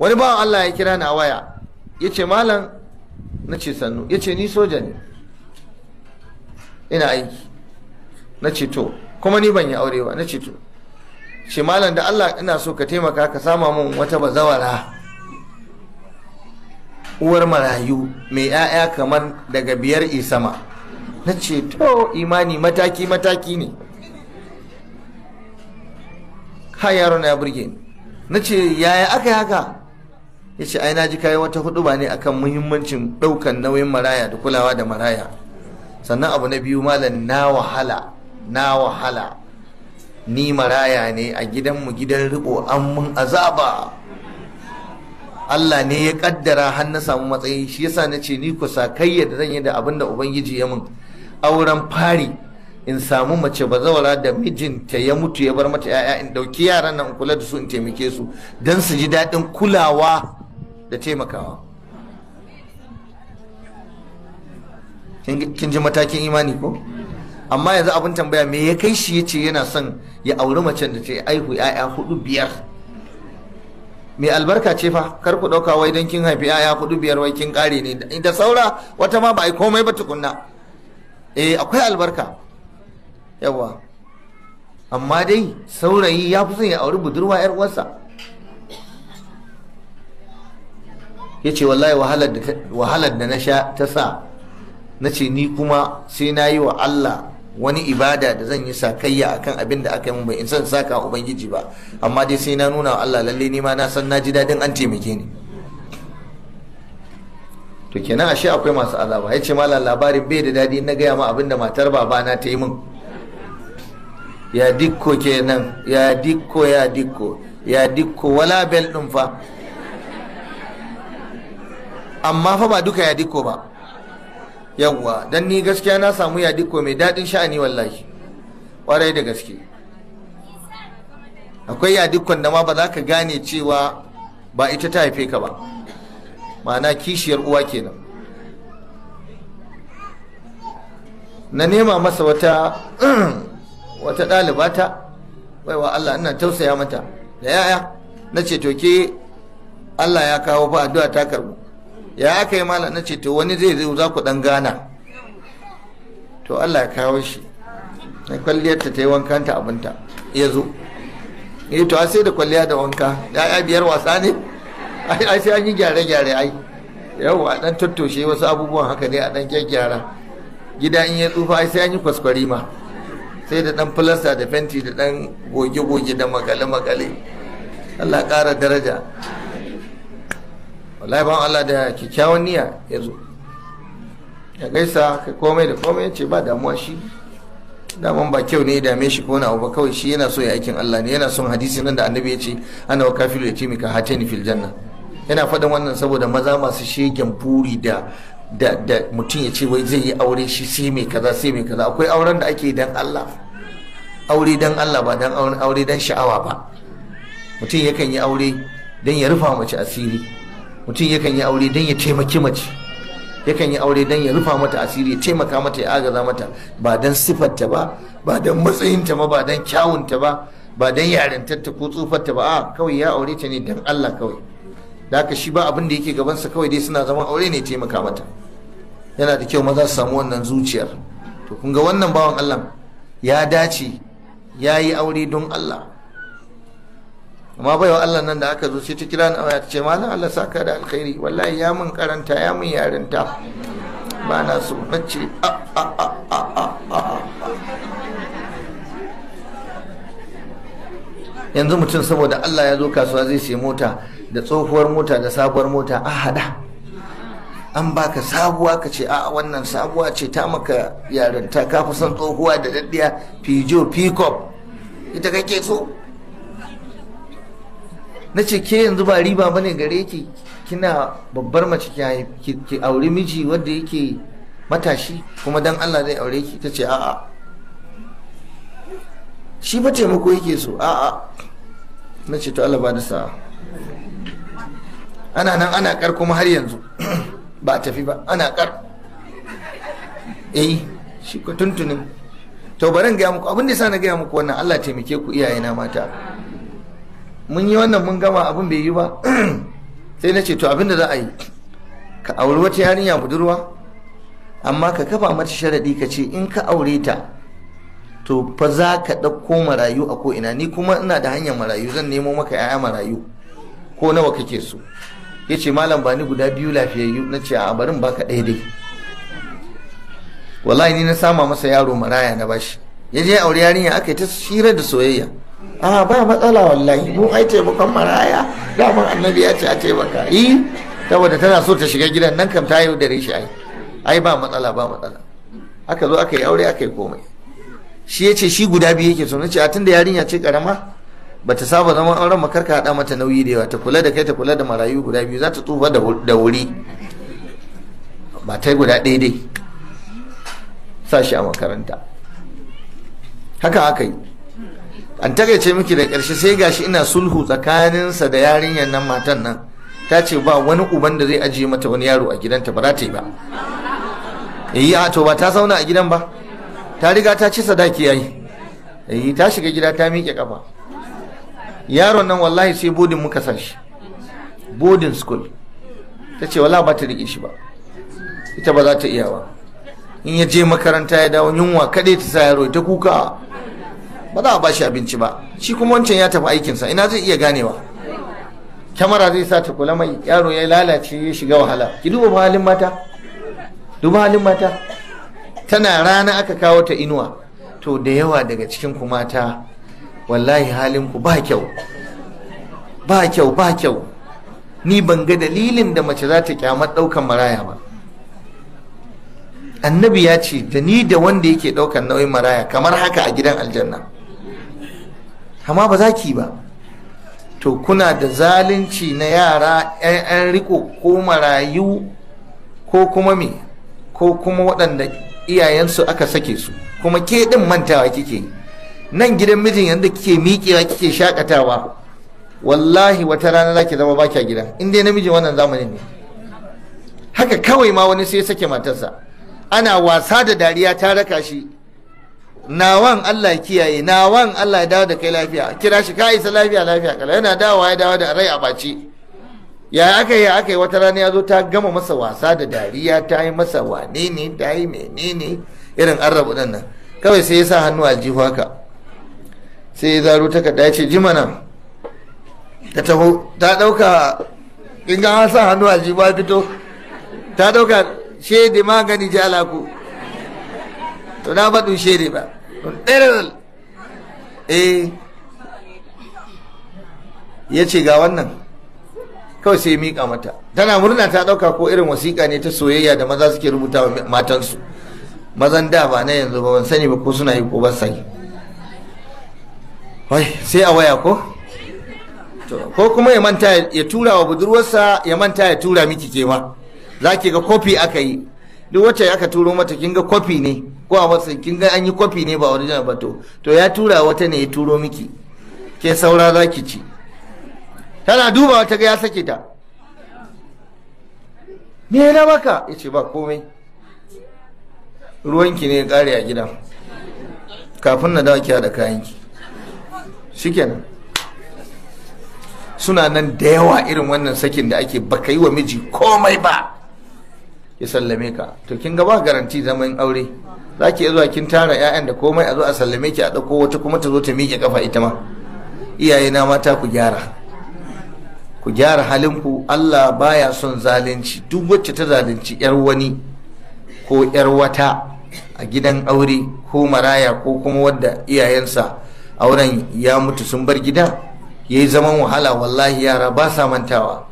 wani bawan Allah ya kira ni a waya ya ce malam na ce sannu ya ce ni soja ne ina aiki na ce to kuma ni ban yi aure ba na ce to ce malam da Allah ina so ka taimaka ka sama min wata bazawara uwar marayu mai 'ya'ya kamar daga biyar isama na ce to imani mataki mataki ne ha yaro na ya burge ni na ce yaya aka yi haka ya ce ai ji kayi wata hudu ba ne akan muhimmancin ɗaukan nauyin maraya da kulawa da maraya sannan abu na biyu malam na wahala na wahala ni maraya ne a gidanmu gidan riko an mun azaba Allah ne ya kaddara har na samu matsayi shi yasa na ce ni ku sakayya da zan yi da abin da ubangiji ya mun auren fari in samu mace ba bazawara da mijinta ya mutu ya bar mata 'ya'ya in dauki yaran nan in kula da su in taimake su don su ji daɗin kulawa da taimakawa kin ji matakin imani ko amma yanzu abin tambaya me ya kai shi yace yana son ya auri macen da ta aihu ya'ya hudu biyar me albarka ce fa kar ku dauka wai dan kin haifi ya'ya hudu biyar wai kin kare ne da saura wata ma ba ai komai ba tukunna eh akwai albarka yawa amma dai saurayi ya fi son ya auri budurwa yar uwarsa ya ce wallahi wahalar da na sha ta sa na ce ni kuma sai na yi wa Allah wani ibada da zan yi sakayya akan abin da aka yi mun bai in san saka ubangiji ba amma dai sai na nuna wa Allah lalle ni ma na san na ji dadin an taimake ni to kenan ashe akwai masu azaba ya ce malam labarin bai da dadi na gaya ma abin da matar babana ta yi mun ya dikko kenan ya dikko ya dikko ya dikko wala bel din fa amma fa ba duka ya diko ba yawwa dan ni gaskiya na samu ya diko mai daɗin sha'ani wallahi ƙwarai da gaske akwai ya dikon da ma ba za ka gane cewa ba ita ta haife ka ba ma'ana kishiyar uwa kenan na nema masa wata wata ɗaliba baiwa Allah ina tausaya mata da yaya na ce to ke Allah ya kawo fa addu'a ta karbu ya aka yi malam na ce to wani zai zai za ku dan gana to Allah ya kawo shi na kwalliyar ta ta yi wankan ta abinta ya zo eh to sai da kwalliya da wanka ya biyar wasa ne ai sai an yi gyare-gyare ai yau a dan tattoshe wasu abubuwan haka ne a dan gyaggyara gida in ya tsufa ai sai an yi kwaskwari ma sai da dan filasta da fenti da dan goge-goge da magale-magale. Allah ƙara daraja wallahi ban Allah da kyakkyawan niyya ya zo ya gaisa ka komai da komai ya ce ba damuwa shi daman ba kyau ne ya dame shi ko na ba kawai shi yana so ya aikin Allah ne yana son hadisi nan da annabi ya ce ana wa kafilu ya ce mika hatani fil janna yana faɗin wannan saboda maza masu shegen buri da da da mutum ya ce wai zai yi aure shi sai mai kaza sai mai kaza akwai auren da ake dan Allah aure dan Allah ba dan aure dan sha'awa ba mutum yakan yi aure dan ya rufa mace asiri mutum yakan yi aure don ya taimaki mace yakan yi aure don ya rufa mata asiri ya taimaka mata ya agaza mata ba don siffarta ba ba don matsayinta ba ba don kyawunta ba ba don yarintarta ko tsufarta ba a kawai ya aure ta ne don Allah kawai da haka shi ba abin da yake gabansa kawai dai suna zaman aure ne taimaka mata yana da kyau maza su samu wannan zuciyar to kun ga wannan bawan Allah ya dace ya yi aure don Allah amma baiwa Allah nan da aka zo sai ta kira ni a ta ce malam Allah saka da alkhairi wallahi ya mun karanta ya mun yarinta ba na so na ce a a a a a yanzu mutum saboda Allah ya zo kasuwa zai sai mota da tsohuwar mota da sabuwar mota a hada an baka sabuwa ka ce a wannan sabuwa ce ta maka yarinta ka fi son tsohuwa da daddiya fijo pikop ita kake so na ce ke yanzu ba riba ba ne gare ki kina babbar mace ki aure miji wanda yake matashi kuma dan Allah zai aure ki tace ce a'a shi ba taimako yake so a'a na ce to Allah ba da sa'a ana nan ana kar kuma har yanzu ba tafi ba ana kar eh shi ko tuntunin to barin gaya muku abin da sa na gaya muku wannan Allah taimake ku iyayena mata mun yi wannan mun gama abin bai yi ba sai na ce to abin da za a yi ka auri wata yarinya budurwa amma ka kafa mata sharaɗi ka ce in ka aure ta to fa za ka ɗauko marayu a ko'ina ni kuma ina da hanyar marayu zan nemo maka 'ya'ya marayu ko nawa kake so ya ce malam ba ni guda biyu lafiyayyu na ce a barin baka ɗaya dai wallahi ni na sama masa yaro maraya na bashi ya je aure yarinya aka yi ta shirar da soyayya a ah, ba matsala wallahi mu ai taimakon maraya daman annabi ya ce a taimaka yi saboda tana so ta shiga gidan nan kam ta yi da rishi ai ai ba matsala ba matsala aka zo aka yi aure aka yi komai shi ya ce shi guda biyu yake so ce a tun da yarinya ce karama bata saba zama auren makarka haɗa mata nauyi da yawa ta kula da kai ta kula da marayu guda biyu za ta tsufa da wuri ba ta guda ɗaya dai sa shi a makaranta haka aka yi an tagace miki da ƙarshe sai gashi ina sulhu tsakaninsa da yarinyar nan matan nan ta ce ba wani uban da zai ajiye mata wani yaro a gidanta ba za ta yi ba eh a to ba ta zauna a gidan ba ta riga ta ci sadaki yayi eh ta shiga gida ta miƙe kafa yaron nan wallahi sai bodin muka san shi bodin school ta ce wala ba ta riƙe shi ba ita ba za ta iya ba in ya je makaranta ya dawo yunwa kaɗai ta sa yaro ta kuka ba za a bashi abinci ba shi kuma wancan ya tafi aikinsa ina zai iya ganewa kyamara zai sa ta kula mai yaro ya lalace ya shiga wahala ki duba halin mata duba halin mata tana rana aka kawo ta inuwa to da yawa daga cikin ku mata wallahi halin ku ba kyau ba kyau ba kyau ni ban ga dalilin da mace za ta kyamar ɗaukan maraya ba annabi ya ce da ni da wanda yake ɗaukan nauyin maraya kamar haka a gidan aljanna amma ba za ki ba to kuna da zalunci na yara 'yan riko ko marayu ko kuma me ko kuma waɗanda iyayensu aka sake su kuma ke ɗin mantawa kike nan gidan mijin yadda kike miƙewa kike shakatawa wallahi wata rana za ki zama ba kya gida in dai namijin wannan zamanin ne haka kawai ma wani sai sake matarsa ana wasa da dariya ta raka shi nawan Allah kiyaye nawan Allah ya dawo da kai lafiya kira shi ka isa lafiya lafiya kala yana dawowa ya dawo da rai a baci ya aka yi aka yi wata rana ya zo ta gama masa wasa da dariya ta yi masa wane ne ta yi menene irin an rabu nan nan kawai sai ya sa hannu aljihu haka sai ya zaro takarda ya ce ji mana ta taho ta ɗauka in ga an sa hannu aljihu ya fito ta ɗauka shede magani ji alaku to na ba dushe ne ba ɗaya eh ya ce ga wannan kawai sai miƙa mata tana murna ta ɗauka ko irin wasiƙa ne ta soyayya da maza suke rubuta wa matansu mazan da ba na yanzu ba ban sani ba ko suna yi ko ban sani wai sai a waya ko ko kuma ya manta ya tura wa budurwarsa ya manta ya tura miki ke ma za ki ga kofi aka yi duk wacce aka turo mata kin ga kofi ne ko a whatsapp kin ga an yi kwafi ne ba original ba to to ya tura wata ne ya turo miki ke saura za ki ci tana duba wata ga ya sake ta me na maka ya ce ba komai ruwanki ne ya kare a gida. kafin na dawo da kayanki shikenan suna nan da yawa irin wannan sakin da ake baka yi wa miji komai ba ya sallame ka to kin ga ba garanti zaman aure za ki zuwa kin tara 'ya'yan da komai a zo a sallame ki a ɗauko wata kuma ta zo ta miƙe kafa ita ma iyaye na mata ku gyara ku gyara halin ku. Allah baya son zalunci duk wacce ta zalunci 'yar wani ko 'yar wata a gidan aure ko maraya ko kuma wadda iyayensa auren ya mutu sun bar gida ya yi zaman wahala wallahi yara ba sa mantawa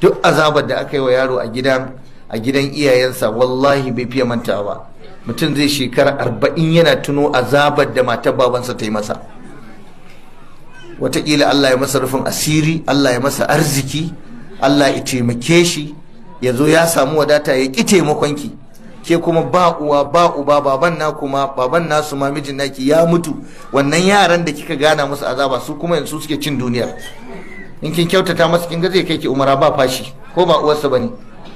duk azabar da aka yi wa yaro a gidan iyayensa wallahi bai fiye mantawa ba mutum zai shekara arba'in yana tuno azabar da matar babansa ta yi masa wataƙila Allah ya masa rufin asiri Allah ya masa arziki Allah ya taimake shi ya zo ya samu wadata ya ƙi taimakonki ke kuma ba uwa ba uba baban na kuma baban nasu ma mijin naki ya mutu wannan yaran da kika gana musu azaba su kuma yanzu suke cin duniya. in kin kyautata masa kin ga zai kai ki umara ba fashi ko ba uwarsa bane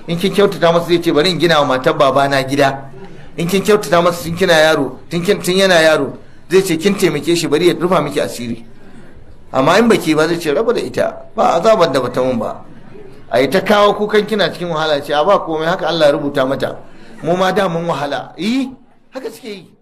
in kin kyautata masa zai ce bari in gina wa matar babana gida in kin kyautata masa tun kina yaro tun yana yaro zai ce kin taimake shi bari ya rufa miki asiri amma in baki ba zai ce raba da ita ba azabar da bata mun ba a yi ta kawo kukan kina cikin wahala ce a ba komai haka Allah rubuta mata mu ma da mun wahala eh haka suke yi